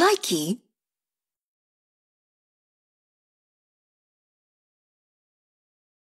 Likey.